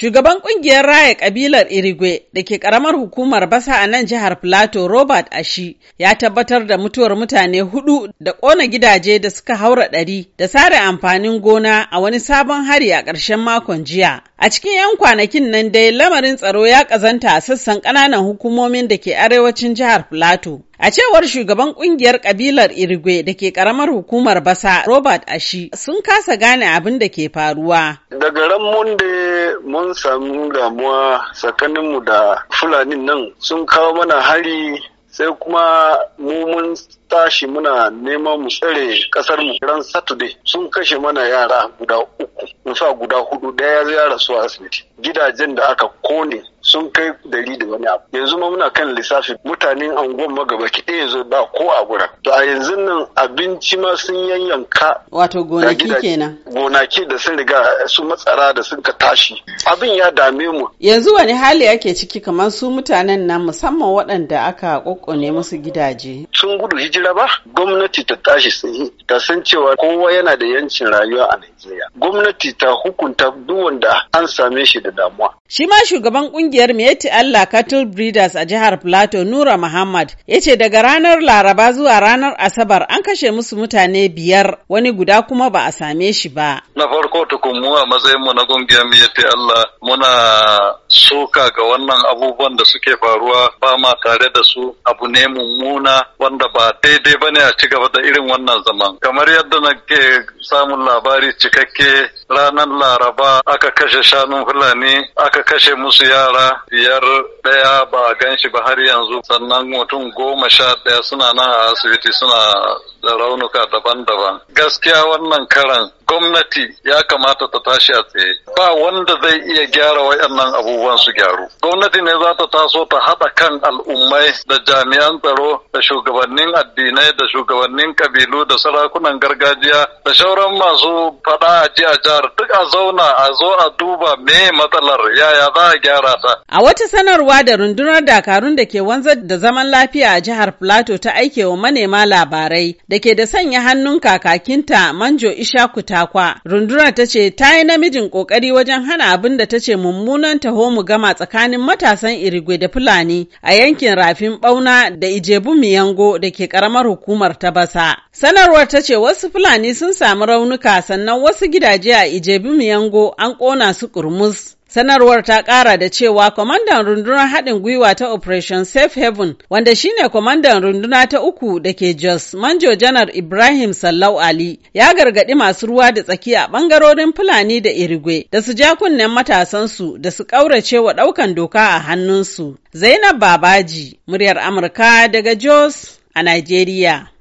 Shugaban kungiyar raya kabilar Irigwe da ke karamar hukumar basa a nan jihar Plateau Robert Ashi ya tabbatar da mutuwar mutane hudu da kona gidaje da suka haura ɗari da sare amfanin gona a wani sabon hari a ƙarshen makon jiya. A cikin 'yan kwanakin nan dai lamarin tsaro ya ƙazanta a sassan ƙananan hukumomin da ke arewacin jihar Plateau A cewar shugaban kungiyar kabilar Irigwe da ke karamar hukumar Basa Robert Ashi sun kasa gane abin da ke faruwa. Daga ran Monde mun samu damuwa tsakaninmu da Fulani nan sun kawo mana hari sai kuma mu mun tashi muna neman mu tsare kasar mu ran Saturday sun kashe mana yara guda uku, nufa guda hudu daya ya rasu a asibiti. Gidajen da aka kone sun kai dari da wani abu yanzu ma muna kan lissafi mutanen angon magabaki ɗaya yanzu ba ko a gurin to a yanzu nan abinci ma sun yanyanka wato gonaki kenan gonaki da sun riga su matsara da sun ka tashi abin ya dame mu yanzu wani hali ake ciki kamar su mutanen na musamman waɗanda aka kokkone musu gidaje sun gudu hijira ba gwamnati ta tashi yi ta san cewa kowa yana da yancin rayuwa a Najeriya gwamnati ta hukunta duk wanda an same shi da damuwa shi ma shugaban kungiyar Mieti Allah Cattle Breeders a jihar Plateau Nura Muhammad ya ce daga ranar Laraba zuwa ranar Asabar an kashe musu mutane biyar wani guda kuma ba a same shi ba. Na farko tukun mu a matsayinmu na kungiyar mu Allah muna Soka ga wannan abubuwan da suke faruwa ba ma tare da su abu ne mummuna wanda ba daidai ba ne a ci gaba da irin wannan zaman kamar yadda na ke samun labari cikakke ranar laraba aka kashe shanun fulani aka kashe musu yara biyar ɗaya ba a gan shi ba har yanzu sannan mutum goma sha ɗaya suna nan a asibiti suna da raunuka daban-daban. Gaskiya wannan karan gwamnati ya kamata ta tashi a tsaye. Ba wanda zai iya gyara wayannan abubuwan su gyaru. Gwamnati ne za ta taso ta haɗa kan al'ummai da jami'an tsaro da shugabannin addinai da shugabannin kabilu da sarakunan gargajiya da shauran masu faɗa a ji jihar duk a zauna a zo a duba me matsalar yaya za a gyara ta. A wata sanarwa kowa da rundunar dakarun da ke wanzar da zaman lafiya a jihar Plateau ta aike wa manema labarai da ke da sanya hannun kakakinta Manjo Ishaku Takwa. Rundunar ta ce ta yi namijin kokari wajen hana abin da ta ce mummunan taho mu gama tsakanin matasan Irigwe da Fulani a yankin rafin Bauna da Ijebu Miyango da ke karamar hukumar ta Basa. Sanarwar ta ce wasu Fulani sun sami raunuka sannan wasu gidaje a Ijebu Miyango an ƙona su kurmus. Sanarwar ta ƙara da cewa kwamandan rundunar haɗin gwiwa ta Operation Safe Haven, wanda shine kwamandan runduna ta uku da ke Jos, Manjo Janar Ibrahim Sallau Ali, ya gargaɗi masu ruwa da tsaki a ɓangarorin Fulani da Irigwe da su ja kunnen matasansu da su ƙaurace wa ɗaukan doka a hannunsu. Zainab Babaji, muryar Amurka daga Jos a Najeriya.